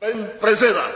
în prezera.